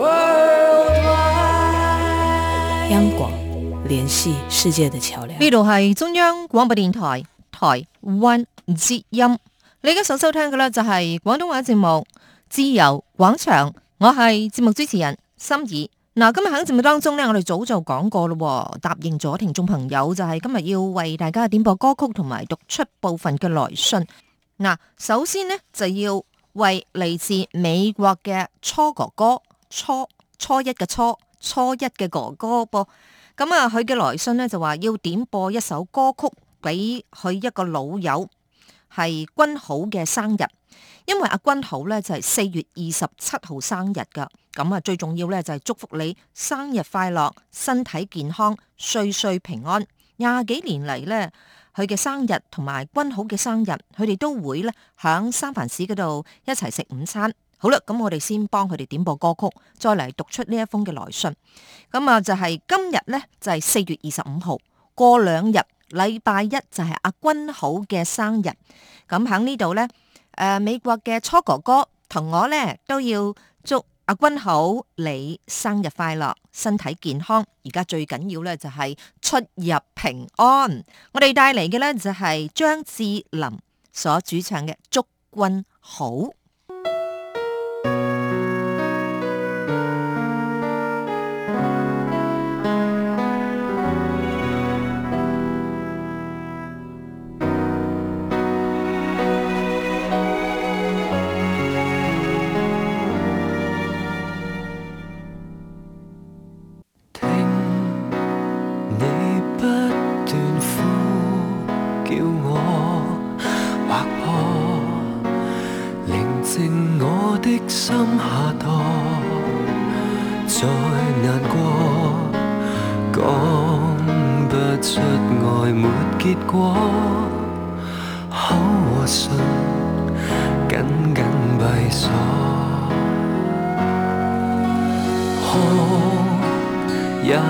World wide, 央廣聯繫世界的橋樑。呢度係中央廣播電台台灣之音。你而家所收聽嘅呢，就係廣東話節目《自由廣場》。我係節目主持人心怡。嗱，今日喺節目當中呢，我哋早就講過喎。答應咗聽眾朋友就係今日要為大家點播歌曲同埋讀出部分嘅來信。嗱，首先呢，就要為嚟自美國嘅初哥哥。初初一嘅初，初一嘅哥哥噃，咁啊，佢嘅來信呢，就話要點播一首歌曲俾佢一個老友，係君好嘅生日，因為阿君好咧就係四月二十七號生日噶，咁啊最重要咧就係祝福你生日快樂，身體健康，歲歲平安。廿幾年嚟咧，佢嘅生日同埋君好嘅生日，佢哋都會咧響三藩市嗰度一齊食午餐。好啦，咁我哋先幫佢哋點播歌曲，再嚟讀出呢一封嘅來信。咁啊，就係今日咧，就係四月二十五號。過兩日禮拜一就係阿君好嘅生日。咁喺呢度咧，誒，呃，美國嘅初哥哥同我咧都要祝阿君好，你生日快樂，身體健康。而家最緊要咧就係出入平安。我哋帶嚟嘅咧就係張智霖所主唱嘅《祝君好》。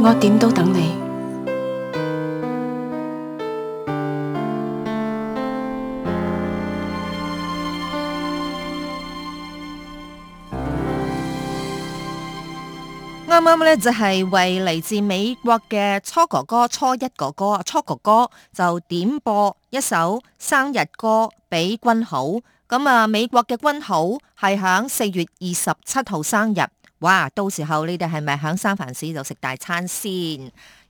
我點都等你。啱啱咧就係為嚟自美國嘅初哥哥、初一哥哥、初哥哥就點播一首生日歌俾君好。咁啊，美國嘅君好係響四月二十七號生日。哇，到時候你哋係咪響三藩市就食大餐先？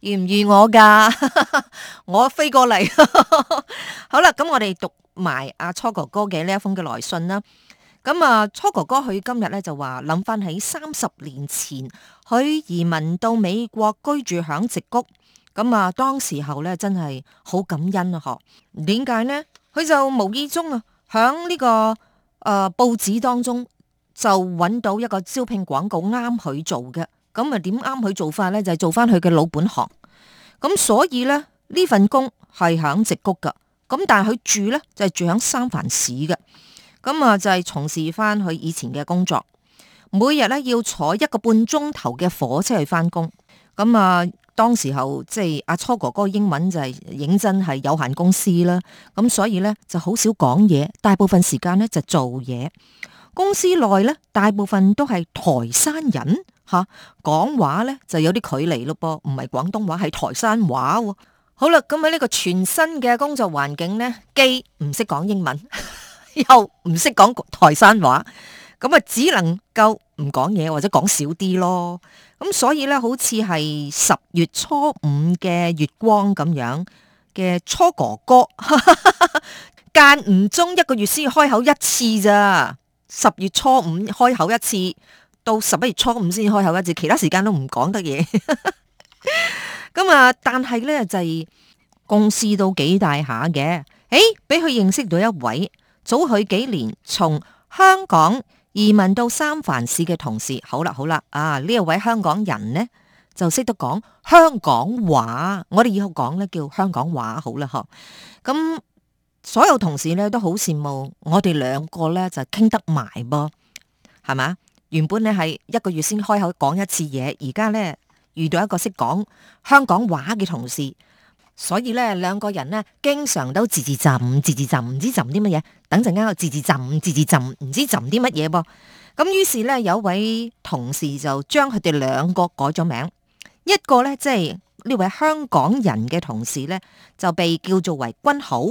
願唔願我噶？ 我飛過嚟。 好啦，咁我哋讀埋阿初哥哥嘅呢一封嘅來信啦。咁啊，初哥哥佢今日咧就話諗翻起三十年前佢移民到美國居住響矽谷，咁啊當時候咧真係好感恩啊！嗬，點解呢？佢就無意中啊響呢個誒報紙當中。就揾到一個招聘廣告啱佢做嘅，咁啊點啱佢做法咧？就係做翻佢嘅老本行，咁所以咧呢份工係響矽谷噶，咁但係佢住咧就係住響三藩市嘅，咁啊就係從事翻佢以前嘅工作，每日咧要坐一個半鐘頭嘅火車去翻工，咁啊當時候即係阿初哥哥英文就係認真係有限公司啦，咁所以咧就好少講嘢，大部分時間咧就做嘢。公司內咧，大部分都係台山人，吓、啊、講話咧就有啲距離咯，噃唔係廣東話，係台山話，哦。好啦，咁喺呢個全新嘅工作環境呢，既唔識講英文，又唔識講台山話，咁啊，只能夠唔講嘢或者講少啲咯。咁所以咧，好似係十月初五嘅月光咁樣嘅初哥哥， 間唔中一個月先開口一次咋。十月初五開口一次，到十一月初五先開口一次，其他時間都唔講得嘢。咁 啊，但係呢，就係公司都幾大下嘅，誒、欸，俾佢認識到一位早佢幾年從香港移民到三藩市嘅同事。好啦，好啦，啊呢一位香港人呢就識得講香港話，我哋以後講呢，叫香港話好啦，嗬，咁。所有同事咧都好羨慕我哋兩個咧就傾得埋噃，係嘛？原本咧係一個月先開口講一次嘢，而家咧遇到一個識講香港話嘅同事，所以咧兩個人咧經常都字字浸字字浸，唔知浸啲乜嘢。等陣間字字浸字字浸，唔知浸啲乜嘢噃。咁於是咧有位同事就將佢哋兩個改咗名，一個咧即係呢位香港人嘅同事咧就被叫做為君好。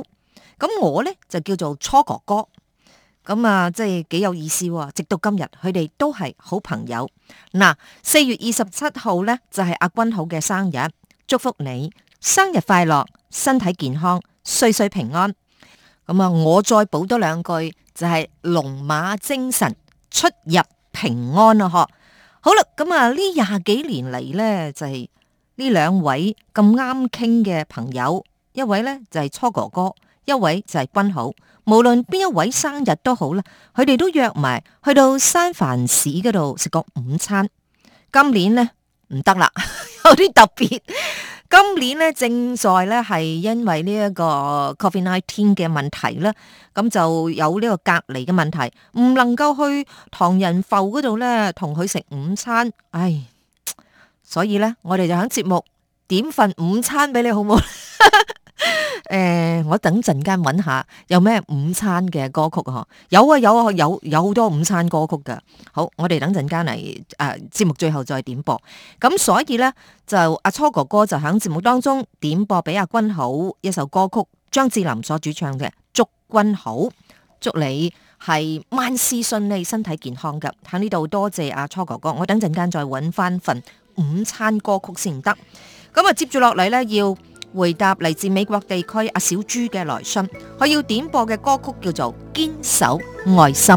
咁我咧就叫做初哥哥，咁啊，即係幾有意思。直到今日，佢哋都係好朋友。嗱、呃，四月二十七號咧就係、是、阿君好嘅生日，祝福你生日快樂，身體健康，歲歲平安。咁啊，我再補多兩句就係、是、龍馬精神，出入平安囉！嗬，好啦，咁啊，呢廿幾年嚟咧就係、是、呢兩位咁啱傾嘅朋友，一位咧就係、是、初哥哥。一位就係君好，無論邊一位生日都好啦，佢哋都約埋去到三藩市嗰度食個午餐。今年呢，唔得啦，有啲特別。今年呢，正在呢係因為呢一個 COVID-19 嘅問題啦，咁就有呢個隔離嘅問題，唔能夠去唐人埠嗰度呢同佢食午餐。唉，所以呢，我哋就喺節目點份午餐俾你好冇？ 誒、 呃，我等陣間搵下有咩午餐嘅歌曲嗬？有啊有啊有有好多午餐歌曲噶。好，我哋等陣間嚟誒節目最後再點播。咁所以呢，就阿初哥哥就響節目當中點播俾阿君好一首歌曲，張智霖所主唱嘅《祝君好》，祝你係萬事順利、身體健康㗎。喺呢度多謝阿初哥哥，我等陣間再搵翻份午餐歌曲先得。咁啊，接住落嚟呢要。回答嚟自美國地區阿小豬嘅來信，佢要點播嘅歌曲叫做《堅守愛心》。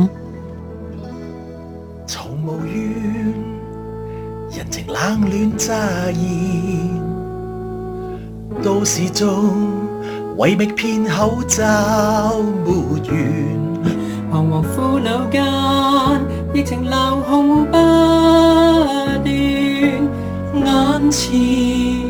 從無怨，人情冷暖乍現，都市中為覓片口罩沒完，彷徨苦惱間，疫情流控不斷，眼前。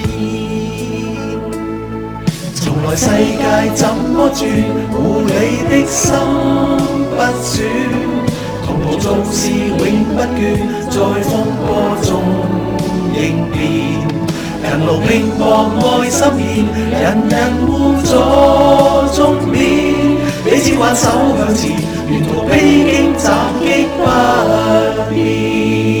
來世界怎麼轉，護你的心不轉，同袍做事永不倦，在風波中應變，人路拼搏愛心現，人人互助終免，彼此挽手向前，沿途披荊斬棘不變。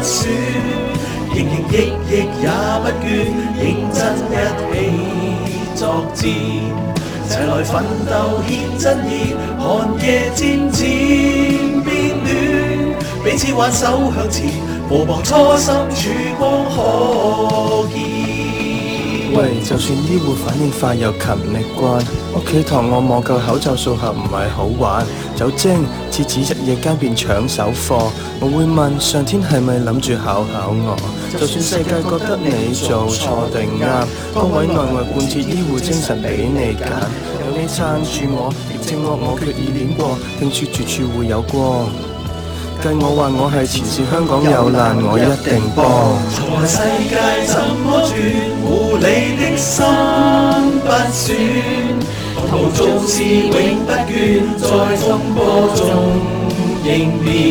喂，就算醫護反應快又勤力慣，屋企同我望夠口罩數盒唔係好玩，酒精次次一夜間變搶手貨，我會問上天係咪諗住考考我？就算世界覺得你做錯定啱，多位內外貫徹醫護精神畀你揀，有你撐住我，亦正屋我決意念過，聽說絕處會有光。計我話我係前線，香港有難我一定幫。無論世界怎麼轉，護你的心不轉，同途做事永不倦，在風波中應變。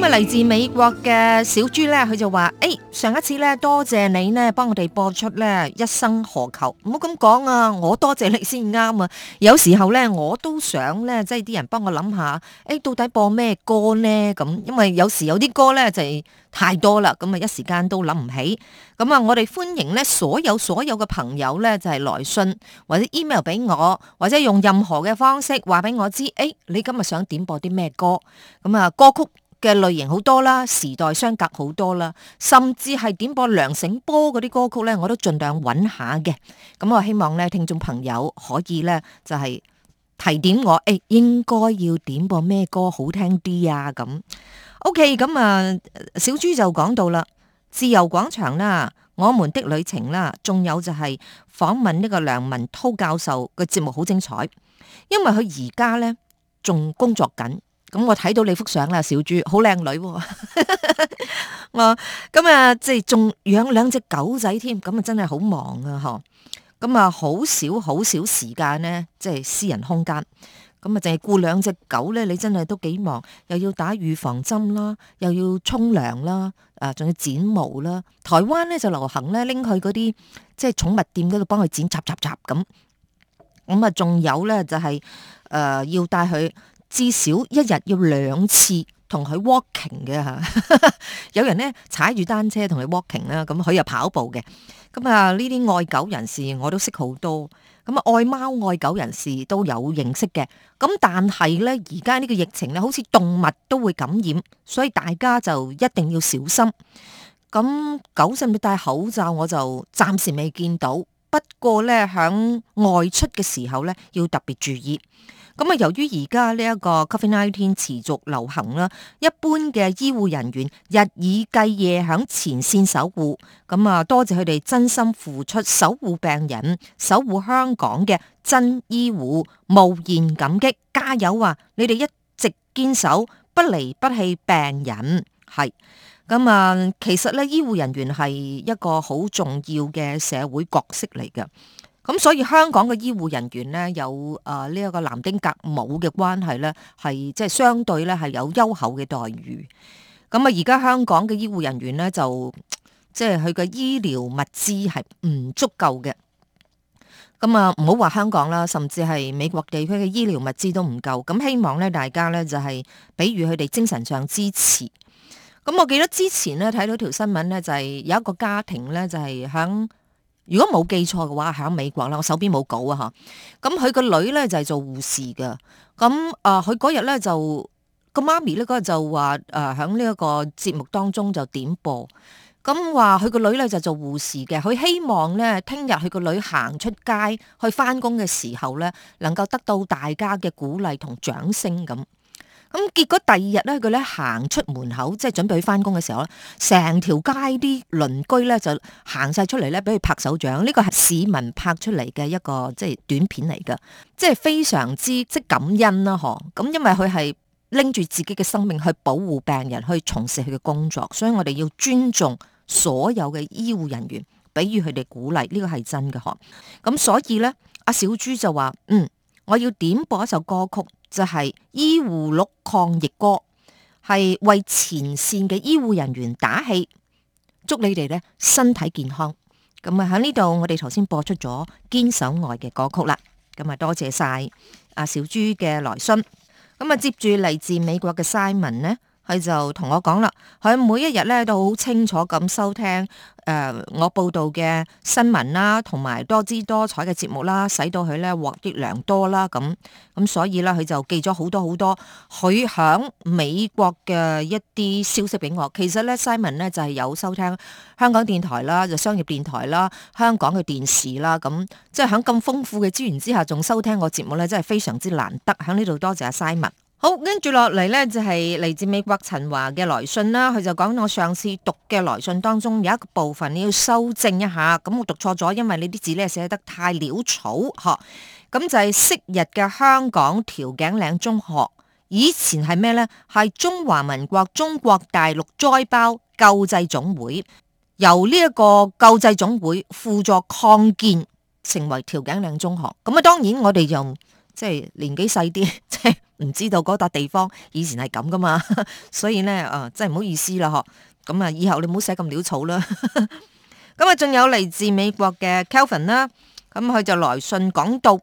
咁啊！嚟自美國嘅小豬咧，佢就話：誒、哎，上一次咧，多謝你呢，幫我哋播出呢一生何求。唔好咁講啊，我多謝你先啱啊。有時候咧，我都想咧，即係啲人幫我諗下，誒、哎，到底播咩歌呢？咁因為有時有啲歌咧就是太多啦，咁啊一時間都諗唔起。咁啊，我哋歡迎咧所有所有嘅朋友咧，就係、是、來信或者 email 俾我，或者用任何嘅方式話俾我知，誒、哎，你今日想點播啲咩歌？咁啊，歌曲。嘅類型好多啦，時代相隔好多啦，甚至係點播梁醒波嗰啲歌曲咧，我都盡量揾下嘅。咁我希望咧，聽眾朋友可以咧就係提點我，誒、哎，應該要點播咩歌好聽啲啊？咁，OK，咁啊，小豬就講到啦，《自由廣場》啦，《我們的旅程》啦，仲有就係訪問呢個梁文韜教授嘅節目好精彩，因為佢而家咧仲工作緊。咁我睇到你幅相啦，小豬好靚女，哦，喎。 咁啊，即係仲養兩隻狗仔添，咁啊真係好忙啊，嗬！咁啊，好少好少時間咧，即係私人空間。咁啊，淨係顧兩隻狗咧，你真係都幾忙，又要打預防針啦，又要沖涼啦，啊，仲要剪毛啦。台灣咧就流行咧拎，去嗰啲即係寵物店嗰度幫佢剪、紮、紮、紮咁。咁啊，仲有咧就係誒要帶佢，至少一日要兩次同佢 walking 嘅 有人呢踩住單車同佢 walking 啦，咁佢又跑步嘅。咁啊，呢啲愛狗人士我都識好多，咁啊愛貓愛狗人士都有認識嘅。咁但係呢，而家呢個疫情呢，好似動物都會感染，所以大家就一定要小心。咁狗甚至戴口罩，我就暫時未見到。不過呢，喺外出嘅時候呢，要特別注意。咁啊，由於而家呢一個 Covid nineteen 持續流行啦，一般嘅醫護人員日以繼夜響前線守護，咁啊，多謝佢哋真心付出，守護病人，守護香港嘅真醫護，無言感激，加油啊！你哋一直堅守，不離不棄病人，係咁啊，其實咧，醫護人員係一個好重要嘅社會角色嚟嘅。咁所以香港嘅醫護人員呢，有啊呢一個南丁格姆嘅關係呢，係即係相對呢，係有優厚嘅待遇。咁啊，而家香港嘅醫護人員呢，就即係佢嘅醫療物資係唔足夠嘅。咁啊，唔好話香港啦，甚至係美國地區嘅醫療物資都唔夠。咁希望呢，大家呢，就係比如佢哋精神上支持。咁我記得之前呢，睇到條新聞呢，就係有一個家庭呢，就係響。如果冇記錯嘅話，喺美國啦，我手邊冇稿啊嚇。咁佢個女咧就係做護士嘅。咁啊，佢嗰日咧就個媽咪咧嗰日就話誒喺呢一個節目當中就點播，咁話佢個女咧就做護士嘅，佢希望咧聽日佢個女行出街去翻工嘅時候咧，能夠得到大家嘅鼓勵同掌聲咁。咁結果第二日咧，佢咧行出門口，即係準備去翻工嘅時候咧，成條街啲鄰居咧就行晒出嚟咧，俾佢拍手掌。呢個係市民拍出嚟嘅一個即係短片嚟噶，即係非常之即感恩啦，嗬。咁因為佢係拎住自己嘅生命去保護病人，去從事佢嘅工作，所以我哋要尊重所有嘅醫護人員，俾予佢哋鼓勵，呢個係真嘅，嗬。咁所以咧，阿小豬就話嗯。我要點播一首歌曲，就係、是《醫護錄抗疫歌》，係為前線嘅醫護人員打氣，祝你哋咧身體健康。咁啊喺呢度，我哋頭先播出咗《堅守愛心》嘅歌曲啦。咁啊多謝晒阿小豬嘅來信。咁啊接住嚟自美國嘅 Simon 呢？佢就同我講啦，佢每一日咧都好清楚咁收聽誒、呃、我報道嘅新聞啦，同埋多姿多彩嘅節目啦，使到佢咧獲益良多啦咁。咁所以咧，佢就寄咗好多好多，佢響美國嘅一啲消息俾我。其實咧，Simon 咧就係有收聽香港電台啦，就商業電台啦，香港嘅電視啦，咁即係響咁豐富嘅資源之下，仲收聽我的節目咧，真係非常之難得。響呢度多謝阿 Simon。好，跟住落嚟咧，就係嚟自美國陳華嘅來信啦。佢就講我上次讀嘅來信當中有一個部分你要修正一下，咁我讀錯咗，因為呢啲字咧寫得太潦草呵。咁就係昔日嘅香港調景嶺中學，以前係咩咧？係中華民國中國大陸災胞救濟總會，由呢一個救濟總會輔助擴建成為調景嶺中學。咁啊，當然我哋又即係年紀細啲，即係。唔知道嗰笪地方以前係咁噶嘛，所以咧，啊，真係唔好意思啦，嗬，咁啊，以後你唔好寫咁潦草啦。咁啊，仲有嚟自美國嘅 Kelvin 啦，啊，咁佢就來信講到，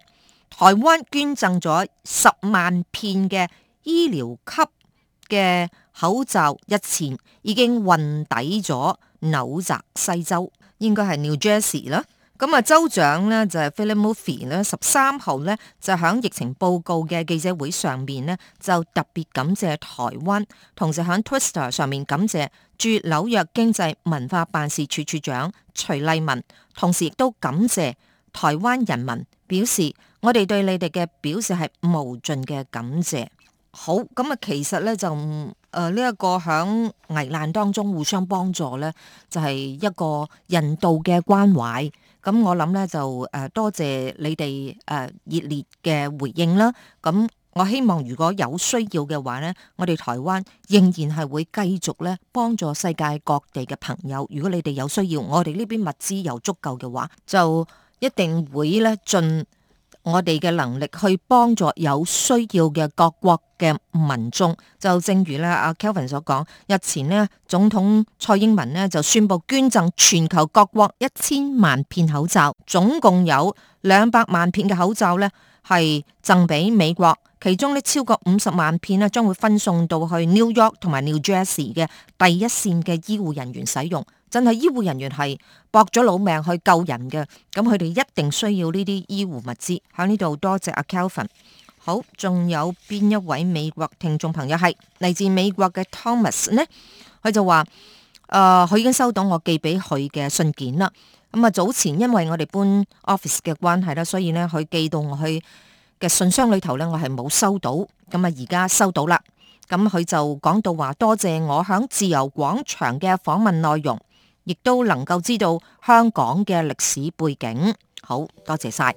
台灣捐贈咗十萬片嘅醫療級嘅口罩，一前已經運抵咗紐澤西州，應該係 New Jersey 啦，啊。咁啊，州長咧就係 Philip Murphy 咧，十三號咧就喺疫情報告嘅記者會上面咧，就特別感謝台灣，同時喺 Twitter 上面感謝駐紐約經濟文化辦事處處長徐麗文，同時亦都感謝台灣人民，表示我哋對你哋嘅表示係無盡嘅感謝。好，咁啊，其實咧就誒呢一個喺危難當中互相幫助咧，就係一個人道嘅關懷。咁我諗咧就誒多謝你哋誒熱烈嘅回應啦。咁我希望如果有需要嘅話咧，我哋台灣仍然係會繼續咧幫助世界各地嘅朋友。如果你哋有需要，我哋呢邊物資又足夠嘅話，就一定會咧盡。我哋嘅能力去幫助有需要嘅各國嘅民眾，就正如咧阿 Kelvin 所講，日前呢總統蔡英文呢就宣布捐贈全球各國一千萬片口罩，總共有兩百萬片嘅口罩咧係贈俾美國，其中呢超過五十萬片呢將會分送到去 New York 同埋 New Jersey 嘅第一線嘅醫護人員使用。真係醫護人員係搏咗老命去救人嘅，咁佢哋一定需要呢啲醫護物資。喺呢度多謝阿 Kelvin。好，仲有邊一位美國聽眾朋友係嚟自美國嘅 Thomas 呢？佢就話：誒、呃，佢已經收到我寄俾佢嘅信件啦。咁啊，早前因為我哋搬 office 嘅關係啦，所以呢，佢寄到我去嘅信箱裏頭呢，我係冇收到。咁啊，而家收到啦。咁佢就講到話多謝我響自由廣場嘅訪問內容。亦都能夠知道香港嘅歷史背景，好多謝晒。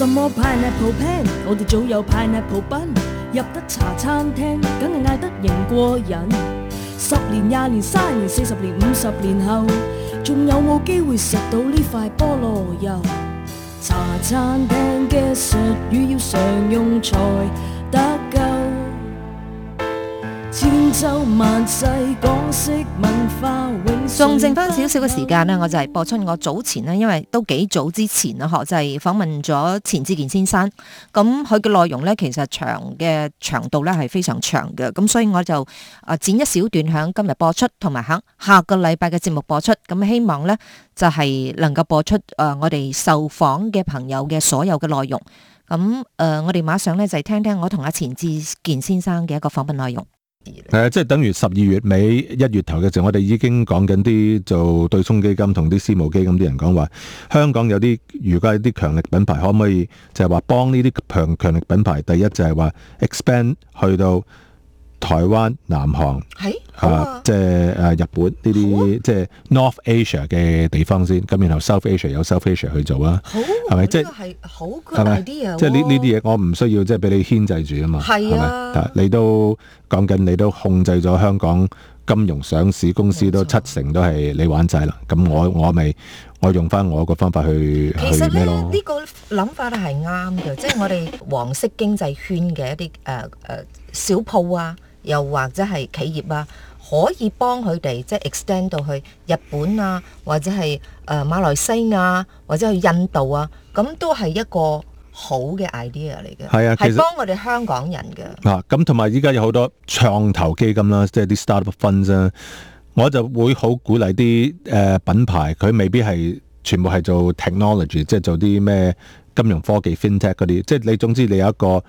什麼 pineapple pen？我哋早有 pineapple bun。入得茶餐廳，梗係嗌得型過人。十年、廿年、卅年、四十年、五十年後，仲有冇機會食到呢塊菠蘿油？茶餐廳嘅術語要常用才得夠。千秋萬世港式文化永，仲剩翻少少嘅時間呢，我就係播出我早前呢，因為都幾早之前咯，我就係訪問咗錢志健先生。咁佢嘅內容呢，其實長嘅長度呢係非常長嘅，咁所以我就啊剪一小段響今日播出，同埋響下個禮拜嘅節目播出。咁希望呢，就係能夠播出誒我哋受訪嘅朋友嘅所有嘅內容。咁誒，我哋馬上呢，就係聽聽我同阿錢志健先生嘅一個訪問內容。誒、呃，即係等於十二月尾一月頭嘅時候，我哋已經講緊啲做對沖基金同啲私募基金啲人講話，香港有啲如果係啲強力品牌，可唔可以就係話幫呢啲強強力品牌？第一就係話 expand 去到。台灣、南韓係啊，即係誒日本呢啲，即係 North Asia 嘅地方先。咁然後 South Asia 有 South Asia 去做啊，係咪即係好即係呢呢啲嘢，我唔需要即係俾你牽制住啊嘛。係啊，你都講緊，你都控制咗香港金融上市公司都七成都係你玩曬啦。咁我我咪我用翻我個方法去去咩咯？呢個諗法係啱嘅，即係我哋黃色經濟圈嘅一啲誒誒小鋪啊。又或者係企業啊，可以幫佢哋即係 extend 到去日本啊，或者係誒馬來西亞，或者去印度啊，咁都係一個好嘅 idea 嚟嘅。係啊，係幫我哋香港人嘅。啊，咁同埋依家有好多創投基金啦，即係啲 startup funds 啦，我就會好鼓勵啲誒品牌，佢未必係全部係做 technology，即係做啲咩金融科技 fintech 嗰啲，即係你總之你有一個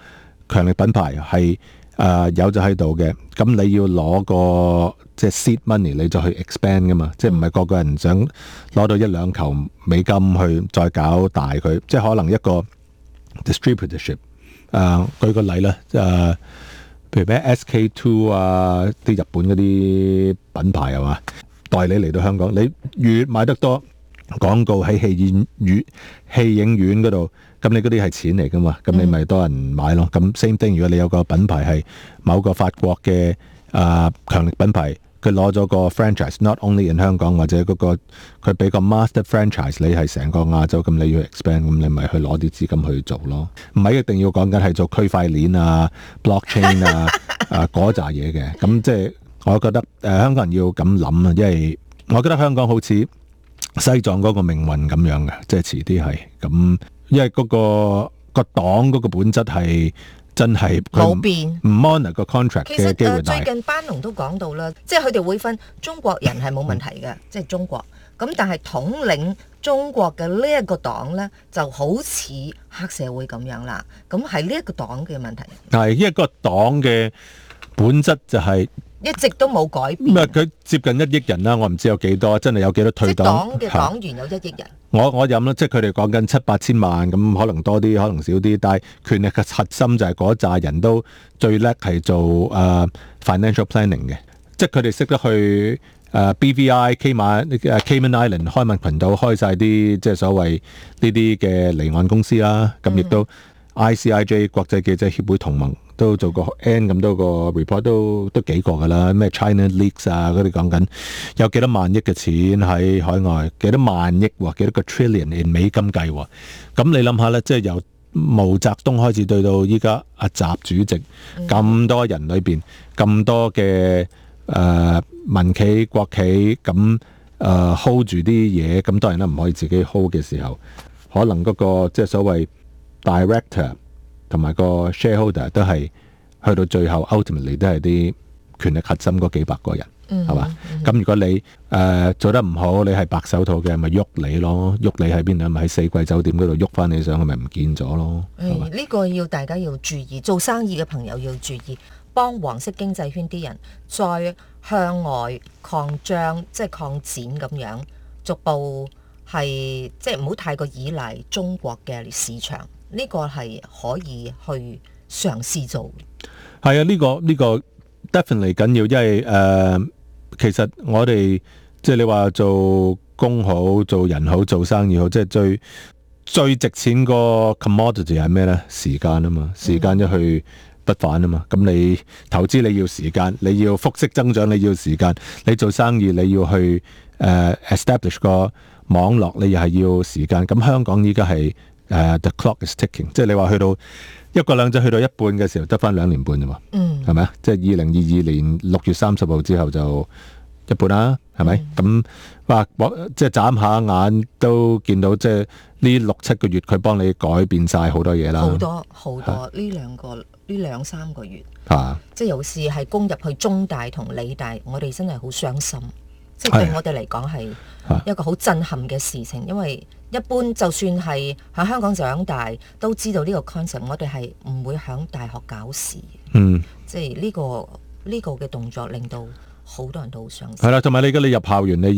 強力品牌係。誒、呃、有就喺度嘅，咁你要攞個即係 seed money，你就去 expand 噶嘛，即係唔係個個人想攞到一兩球美金去再搞大佢，即係可能一個 distributorship、呃、誒舉個例啦，誒、呃、譬如咩 SK Two 啊，啲日本嗰啲品牌係嘛，代理嚟到香港，你越買得多廣告喺戲院、院、戲影院嗰度。咁你嗰啲係錢嚟噶嘛？咁你咪多人買咯。咁 same thing。如果你有個品牌係某個法國嘅啊、呃、強力品牌，佢攞咗個 franchise not only in 香港或者嗰、嗰個佢俾個 master franchise 你係成個亞洲咁，你要 expand 咁，你咪去攞啲資金去做咯。唔係一定要講緊係做區塊鏈啊、blockchain 啊 啊嗰扎嘢嘅。咁即係我覺得、呃、香港人要咁諗啊，因為我覺得香港好似西藏嗰個命運咁樣嘅，即係遲啲係咁。因為嗰個個黨嗰個本質係真係冇變，唔 monitor 個 contract 嘅機會大。其實誒，最近班農都講到啦，即係佢哋會分中國人係冇問題嘅，即係中國。咁但係統領中國嘅呢一個黨呢，就好似黑社會咁樣啦。咁係呢一個黨嘅問題。係，因為個黨嘅本質就係。一直都冇改變。唔係佢接近一億人啦，我唔知有幾多，真係有幾多退黨。黨嘅黨員係，有一億人。我我諗啦，即係佢哋講緊七八千萬，咁可能多啲，可能少啲。但係權力嘅核心就係嗰扎人都最叻係做誒、uh, financial planning 嘅，即係佢哋識得去誒 BVI、Cayman、uh, Cayman Island 開曼群島開晒啲即係所謂呢啲嘅離岸公司啦。咁亦、嗯、都 ICIJ 國際記者協會同盟。都做過 N 咁多個 report，都都幾個㗎啦，咩 China leaks 啊，佢哋講緊，有幾多萬億嘅錢喺海外，幾多萬億喎，幾多個 trillion in 美金計喎，咁你諗下咧，即係由毛澤東開始對到依家阿習主席，咁多人裏邊咁多嘅誒民企國企咁誒 hold 住啲嘢，咁當然咧唔可以自己 hold 嘅時候，可能嗰個即係所謂 director。同埋個 shareholder 都係去到最後，ultimately 都係啲權力核心嗰幾百個人，係嘛？咁如果你誒、呃、做得唔好，你係白手套嘅，咪喐你咯？喐你喺邊度？咪喺四季酒店嗰度喐翻你上去，咪唔見咗咯？呢、嗯、吧個要大家要注意，做生意嘅朋友要注意，幫黃色經濟圈啲人再向外擴張，即、就、係、是、擴展咁樣，逐步係即係唔好太過依賴中國嘅市場。呢個係可以去嘗試做。係啊，呢個呢個 definitely 緊要，因為、呃、其實我哋即係你話做工好、做人好、做生意好，即係最最值錢個 commodity 係咩呢？時間啊嘛，時間一去不返啊嘛。咁、嗯、你投資你要時間，你要複息增長你要時間，你做生意你要去、呃、establish 個網絡，你又係要時間。咁香港依家係。誒，the clock is ticking，即係你話去到一國兩制去到一半嘅時候，得翻兩年半啫嘛，係咪啊？即係二零二二年六月三十號之後就一半啦、啊，係咪？咁、嗯嗯、哇，即係眨下眼都見到，即係呢六七個月佢幫你改變晒好多嘢啦，好多好多呢兩是個呢兩三個月，啊、即係有時係攻入去中大同理大，我哋真係好傷心。即係對我哋嚟講係一個好震撼嘅事情，因為一般就算係響香港長大都知道呢個 concept，我哋係唔會響大學搞事。嗯，即、這個，即係呢個呢個嘅動作令到好多人都好傷心。係啦，同埋你而家你入校園你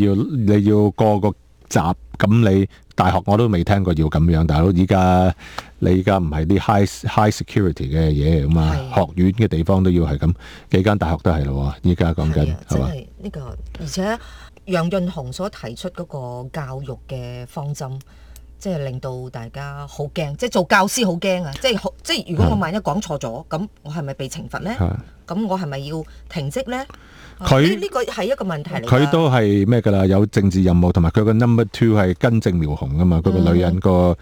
要你要過個。集咁你大學我都未聽過要咁樣，大佬，依家你依家唔係啲 high high security 嘅嘢啊嘛，學院嘅地方都要係咁，幾間大學都係咯喎，依家講緊係嘛？即係呢個，而且楊潤雄所提出嗰個教育嘅方針。即係令到大家好驚，即係做教師好驚啊！即係好，即係如果我萬一講錯咗，咁我係咪被懲罰咧？咁我係咪要停職咧？佢呢個係一個問題嚟。佢都係咩噶啦？有政治任務，同埋佢個 number two 係根正苗紅㗎嘛！佢個女人個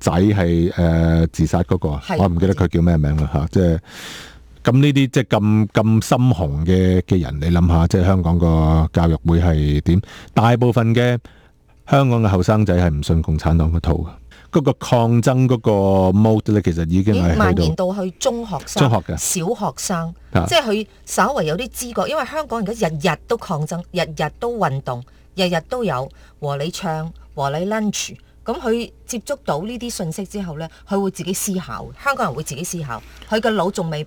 仔係誒自殺嗰個，我唔記得佢叫咩名啦吓。即係咁呢啲即係咁咁深紅嘅嘅人，你諗下，即係香港個教育會係點？大部分嘅。香港嘅後生仔係唔信共產黨嗰套㗎，嗰個抗爭嗰個 mode 咧，其實已經係蔓延到去中學生、小學生，即係佢稍為有啲知覺。因為香港人而家日日都抗爭，日日都運動，日日都有和你唱和你 lunch。咁佢接觸到呢啲信息之後呢，佢會自己思考。香港人會自己思考，佢個腦仲未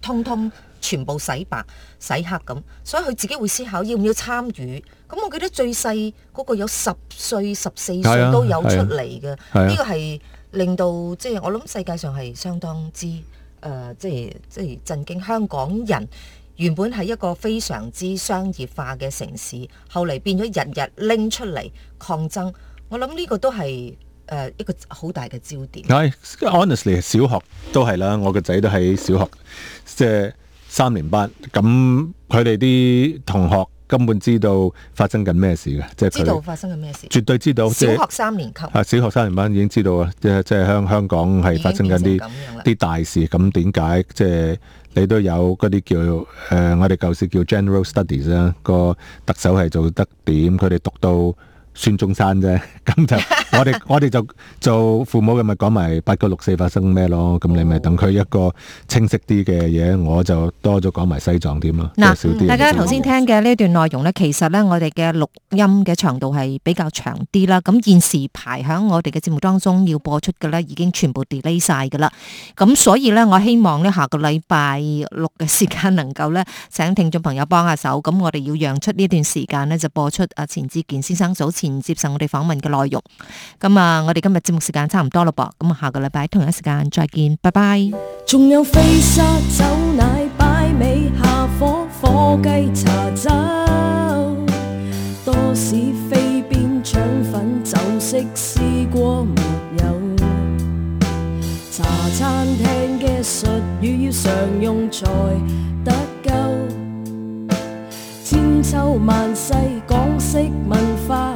通通。全部洗白洗黑咁，所以佢自己會思考要唔要參與。咁我記得最細嗰個有十歲、十四歲都有出嚟嘅，呢個係令到即係我諗世界上係相當之誒，即係即係震驚香港人。原本係一個非常之商業化嘅城市，後嚟變咗日日拎出嚟抗爭。我諗呢個都係誒一個好大嘅焦點。係，honestly 小學都係啦，我個仔都喺小學即係。三年班咁，佢哋啲同學根本知道發生緊咩事嘅，即係知道發生緊咩事，絕對知道。小學三年級啊，小學三年班已經知道啊，即係即係香香港係發生緊啲啲大事。咁點解即係你都有嗰啲叫、呃、我哋舊時叫 general studies 啊，個特首係做得點？佢哋讀到。孫中山啫，咁就我哋 我哋就做父母嘅咪講埋八九六四發生咩咯，咁你咪等佢一個清晰啲嘅嘢，我就多咗講埋西藏點咯。嗱、啊，大家頭先聽嘅呢段內容呢，嗯、其實呢，我哋嘅錄音嘅長度係比較長啲啦。咁現時排喺我哋嘅節目當中要播出嘅呢，已經全部 delete 曬㗎啦。咁所以呢，我希望呢下個禮拜六嘅時間能夠呢，請聽眾朋友幫下手，咁我哋要讓出呢段時間呢，就播出阿、啊、錢志健先生早前。接受我哋訪問嘅內容，咁啊，我哋今日節目時間差唔多嘞噃，咁啊，下個禮拜同一時間再見，拜拜。仲有飛沙走奶、擺尾、下火、火雞、茶走、多士飛邊、腸粉、走色，試過冇？茶餐廳嘅術語要常用才得夠，千秋萬世港式文化。